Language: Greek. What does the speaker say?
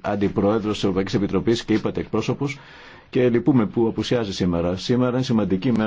Αντιπρόεδρο τη Ευρωπαϊκή Επιτροπή, και είπατε εκπρόσωπο, και λυπούμε που απουσιάζει σήμερα. Σήμερα είναι σημαντική μέρα